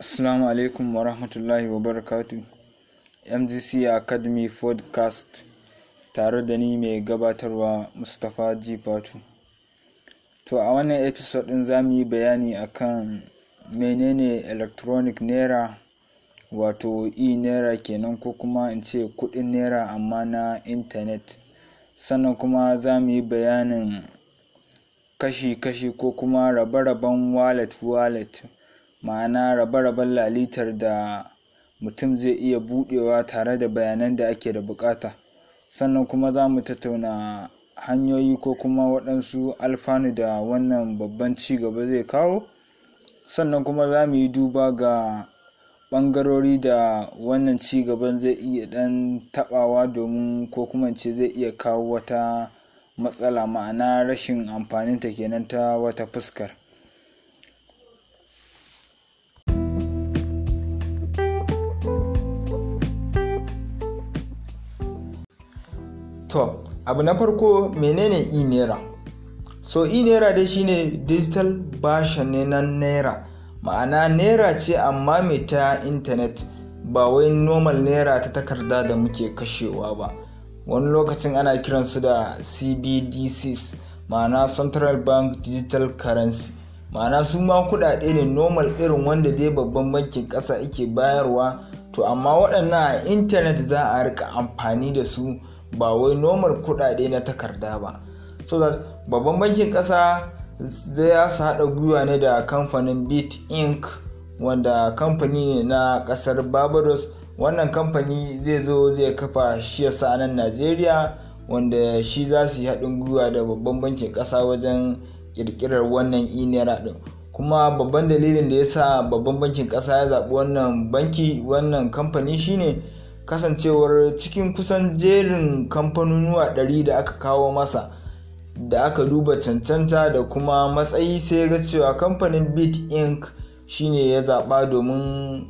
Assalamu alaikum wa rahmatullahi wa barakatu. MGC Academy Podcast tare da ni mai gabatarwa Mustapha G. Fatu. To a wannan episode ɗin za mu yi bayani akan menene electronic naira wato e-naira kenan ko kuma in ce kudin naira amma na intanet. Sannan kuma za mu yi bayanin kashi-kashi ko kuma raba-raban wallet-wallet. ma'ana rabe-raben lalitar da mutum zai iya budewa tare da bayanan da ake da bukata sannan kuma za mu tattauna hanyoyi ko kuma waɗansu alfanu da wannan babban ci gaba zai kawo sannan kuma za mu yi duba ga ɓangarori da wannan ci gaban zai iya ɗan taɓawa domin ko kuma ce zai iya kawo wata matsala ma'ana rashin amfaninta kenan ta wata fuskar To, abu na farko menene e-naira? So e-naira dai shine digital version ne na naira. Ma'ana naira ce amma mai ta intanet ba wai normal naira ta takarda da muke kashewa ba. Wani lokacin ana kiran su da CBDCs ma'ana Central Bank Digital Currency. Ma'ana su ma kuɗaɗe ne normal irin wanda dai babban bankin ƙasa ike bayarwa to amma waɗannan a intanet za a rika amfani da su ba wai nomar kudade na takarda ba so that babban bankin kasa zai su haɗa gwiwa ne da kamfanin bit inc wanda kamfani ne na ƙasar barbados wannan kamfani zai zo zai kafa shi yasa nan najeriya wanda shi za su yi haɗin gwiwa da babban bankin ƙasa wajen ƙirƙirar wannan inera ɗin kuma babban dalilin da ya sa babban bankin ƙasa ya zaɓi wannan banki wannan kamfani shine kasancewar cikin kusan jerin kamfanonuwa 100 da aka kawo masa da aka duba cancanta da kuma matsayi sai ga cewa kamfanin bit inc shine ya zaba domin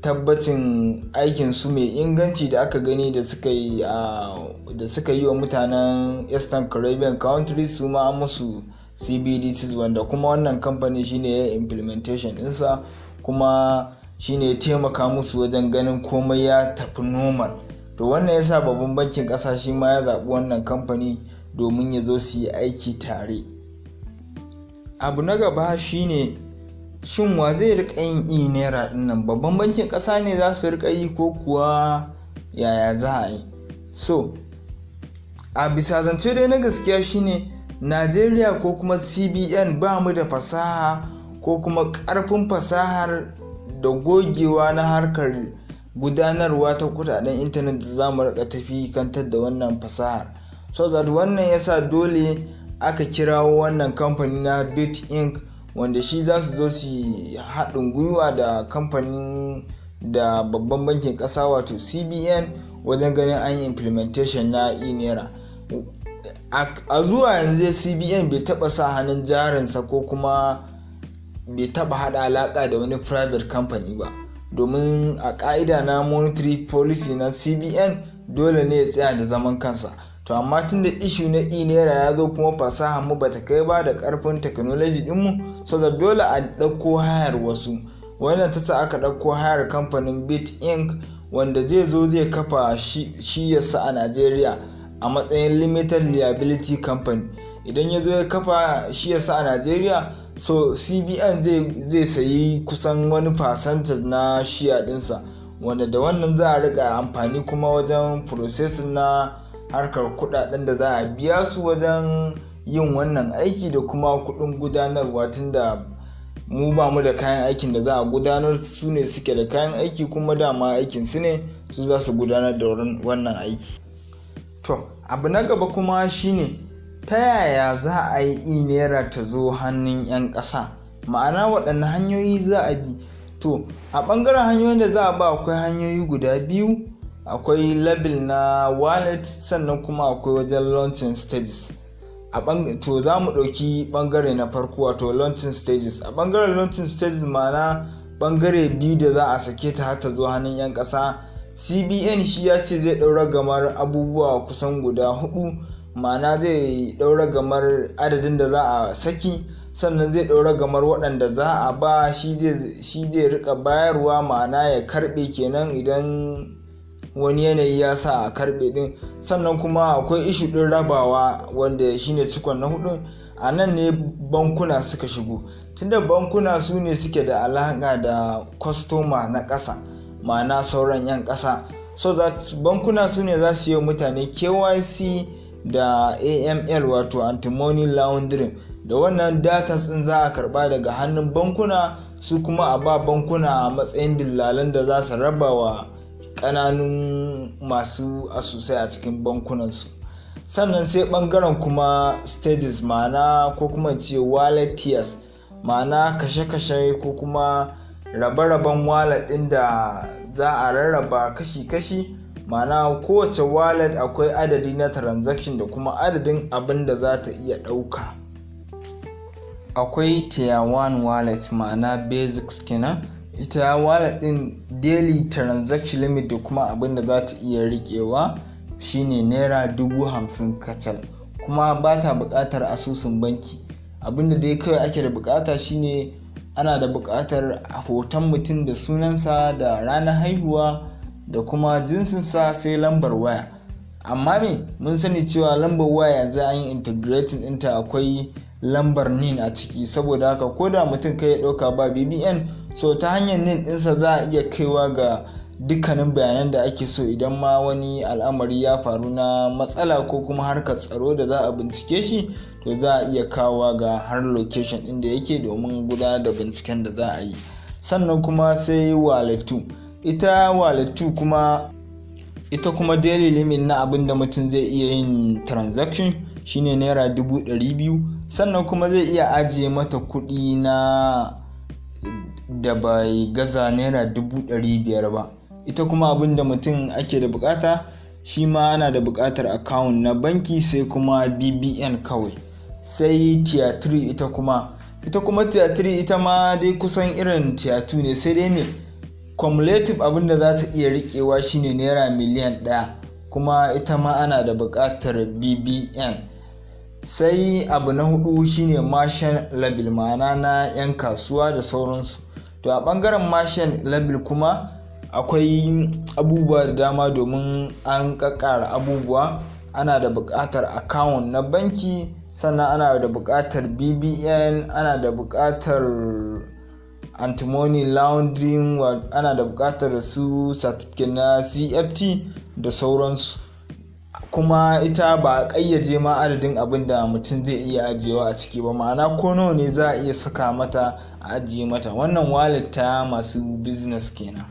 tabbacin aikinsu mai inganci da aka gani da suka yi wa mutanen eastern caribbean countries su ma musu cbdc wanda kuma wannan kamfanin shine ya implementation ɗinsa kuma shine ya taimaka musu wajen ganin komai ya tafi normal to wannan yasa babban bankin ƙasa shi ma ya zaɓi wannan kamfani domin ya zo su yi aiki tare abu na gaba shine shin wa zai rika yin E naira dinnan babban bankin ƙasa ne za su rika yi ko kuwa yaya za a yi so a bisa zance dai na gaskiya shine najeriya ko kuma cbn ba mu da fasaha ko kuma ƙarfin fasahar da gogewa na harkar gudanarwa ta kudaden intanet da za mu rika tafi kantar da wannan fasahar so that wannan yasa dole aka kirawo wannan kamfani na bit inc wanda shi za su zo su haɗin gwiwa da kamfanin da babban bankin ƙasa wato cbn wajen ganin an yi implementation na inera a zuwa yanzu cbn bai taɓa sa hannun jarinsa ko kuma bai taba hada alaka da wani private company ba domin a ka'ida na monetary policy na cbn dole ne ya tsaya da zaman kansa to amma tun da ishu na e ya zo kuma fasaha mu bata kai ba da karfin technology dinmu saboda dole a dauko hayar wasu wannan tasa aka dauko hayar kamfanin bit inc wanda zai zo zai kafa shi sa a nigeria a matsayin limited liability company idan ya zo ya kafa shi sa a nigeria. so cbn zai sayi kusan wani percentage na shiya dinsa wanda da wannan za a rika amfani kuma wajen processing na harkar kudaden da za a biya su wajen yin wannan aiki da kuma kudin gudanarwa tunda mu ba mu da kayan aikin da za a gudanar su ne suke da kayan aiki kuma dama aikin su ne su za su gudanar da wannan aiki to abu na gaba kuma shine ta yaya za a yi naira ta zo hannun 'yan ƙasa ma'ana waɗanne hanyoyi za a bi to a ɓangaren hanyoyin da za a ba akwai hanyoyi guda biyu akwai label na wallet sannan kuma akwai wajen launching stages a to za mu ɗauki ɓangare na farko wato launching stages a ɓangaren launching stages ma'ana ɓangare biyu da za a sake ta har ta zo hannun 'yan ƙasa cbn shi ya ce zai ɗaura gamar abubuwa kusan guda hudu ma'ana zai ɗaura gamar adadin da za a saki sannan zai ɗaura gamar waɗanda za a ba shi zai rika bayarwa ma'ana ya karɓe kenan idan wani yanayi ya sa a karɓe ɗin sannan kuma akwai ishu ɗin rabawa wanda shine cikon na hudu a nan ne bankuna suka shigo tunda bankuna su ne suke da alaƙa da kwastoma na ƙasa ma'ana sauran 'yan ƙasa so bankuna su ne za su yi mutane kyc da aml wato antimony laundering da wannan data sun za a karba daga hannun bankuna su kuma a ba bankuna a matsayin dillalan da za su raba wa kananun masu asusai a cikin bankunansu sannan sai bangaren kuma stages ma'ana ko kuma ce wallet tiers ma'ana kashe-kashe ko kuma rabe-raben wallet ɗin da za a rarraba kashi-kashi ma'ana kowace wallet akwai adadi na transaction da kuma adadin abin da za ta iya ɗauka akwai tier 1 wallet ma'ana basics kenan ita wallet ɗin daily transaction limit da kuma abin da za ta iya riƙewa shine naira dubu hamsin kacal kuma ba ta buƙatar asusun banki abinda dai kawai ake da buƙata shine ana da buƙatar hoton mutum da sunansa da ranar haihuwa da kuma jinsinsa sai lambar waya amma me mun sani cewa lambar waya za a yi integrating ɗinta akwai lambar nin a ciki saboda haka ko da mutum kai ya ɗauka ba bbn so ta hanyar nin ɗinsa za a iya kaiwa ga dukkanin bayanan da ake so idan ma wani al'amari ya faru na matsala ko kuma harkar tsaro da za a bincike shi to za a iya kawo ga har location ɗin da yake domin gudanar da binciken da za a yi sannan kuma sai waletu ita walatu kuma ita kuma daily limit na abin da mutum zai iya yin transaction shine naira dubu ɗari biyu sannan kuma zai iya ajiye mata kuɗi na da bai gaza naira dubu ɗari biyar ba ita kuma abin da mutum ake da bukata shi ma ana da bukatar account na banki sai kuma bbn kawai sai tiyatiri ita kuma ita kuma tier ita ma dai kusan irin tiyatu ne sai dai me cumulative abin da za ta iya riƙewa shine naira miliyan ɗaya kuma ita ma ana da buƙatar bbn sai abu na hudu shine martian label ma'ana na 'yan kasuwa da sauransu to a ɓangaren martian label kuma akwai abubuwa da dama domin an ƙaƙara abubuwa ana da buƙatar akawun na banki sannan ana da buƙatar bbn ana da buƙatar antimony laundering ana da bukatar su certificate na cft da sauransu kuma ita ba a ƙayyaje ma adadin abin da mutum zai iya ajiyewa a ciki ba ma'ana ko nawa ne za a iya saka mata a ajiye mata wannan wallet ta masu business kenan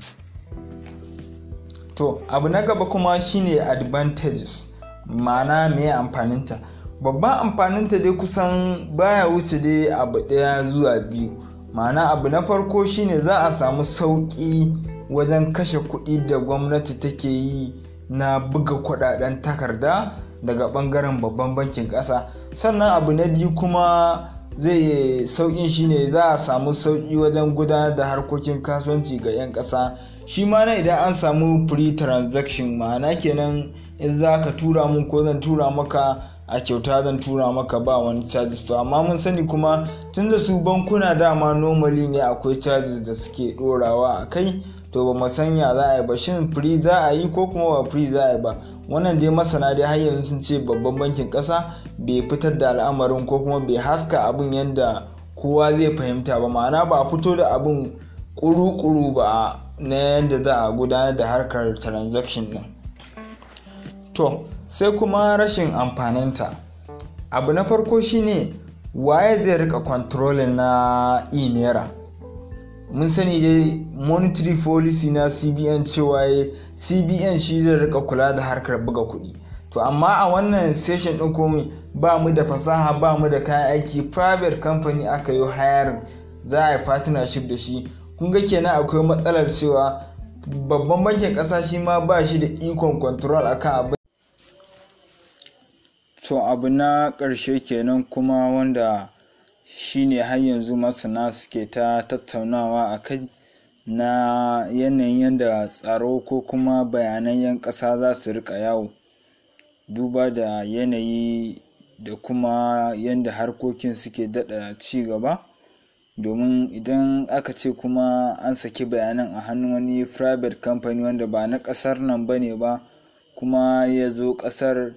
to abu na gaba kuma shine advantages ma'ana me amfaninta babban amfaninta dai kusan baya wuce dai abu ɗaya zuwa biyu ma'ana abu na farko shine za a samu sauƙi wajen kashe kuɗi da gwamnati take yi na buga kuɗaɗen takarda daga bangaren babban bankin ƙasa sannan abu na biyu kuma zai sauƙin shine za a samu sauƙi wajen gudanar da harkokin kasuwanci ga 'yan ƙasa shi ma na idan an samu free transaction ma'ana kenan in za ka tura mun ko zan tura maka a kyauta zan tura maka ba wani charges to amma mun sani kuma tunda su bankuna dama normally ne akwai charges da suke dorawa a kai to ba mu san ya za a yi ba shin free za a yi ko kuma ba free za a yi ba wannan dai masana dai har yanzu sun ce babban bankin kasa bai fitar da al'amarin ko kuma bai haska abin yadda kowa zai fahimta ba ma'ana ba a fito da abin kuru-kuru ba na yadda za a gudanar da harkar transaction nan to sai kuma rashin amfaninta abu na farko shine waye zai rika controlling na inera mun sani dai monetary policy na cbn cewa eh, cbn shi zai rika kula da harkar buga kuɗi to amma a wannan session ɗin komai ba mu da fasaha ba mu da kayan aiki private company aka yi hiring za a yi partnership da shi kun ga kenan akwai matsalar cewa babban bankin ƙasa shi ma ba shi da ikon control akan abin to abu na ƙarshe kenan kuma wanda shine har yanzu masana suke ta tattaunawa a kai na yanayin yadda tsaro ko kuma bayanan 'yan ƙasa za su riƙa yawo duba da yanayi da kuma yadda harkokin suke daɗa ci gaba domin idan aka ce kuma an saki bayanan a hannun wani private company wanda ba na ƙasar nan bane ba kuma ya zo ƙasar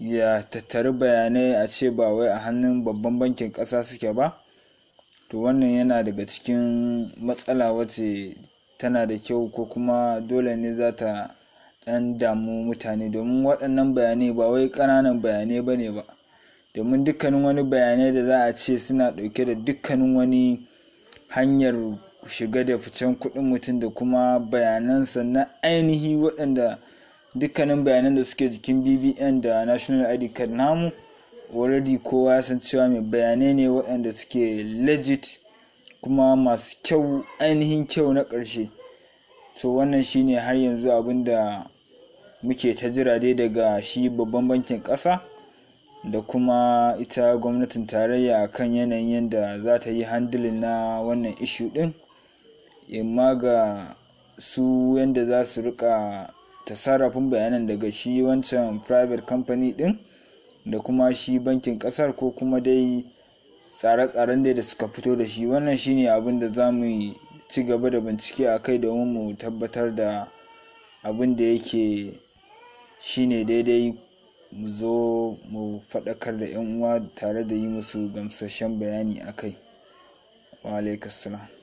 ya tattari bayanai a ce ba wai a hannun babban bankin ƙasa suke ba to wannan yana daga cikin matsala wace tana da kyau ko kuma dole ne za ta ɗan damu mutane domin waɗannan bayanai ba wai ƙananan bayanai ba ne ba domin dukkanin wani bayanai da za a ce suna ɗauke da dukkanin wani hanyar shiga da ficen kuɗin mutum da kuma bayanansa na ainihi waɗanda dukkanin bayanan da suke jikin bbn da national id card namu already kowa ya san cewa mai bayanai ne waɗanda suke legit kuma masu kyau ainihin kyau na ƙarshe so wannan shine har yanzu abin da muke ta jira dai daga shi babban bankin ƙasa da kuma ita gwamnatin tarayya kan yanayin yadda za ta yi handling na wannan ishu ɗin ma ga su yadda za su rika ta sarrafin bayanan daga shi wancan private company din da kuma shi bankin kasar ko kuma dai tsare-tsaren da suka fito da shi wannan shine abin da za mu ci gaba da bincike a kai domin mu tabbatar da abin da yake shine daidai mu zo mu faɗakar da 'yan uwa tare da yi musu gamsashen bayani a kai wa alaikassalam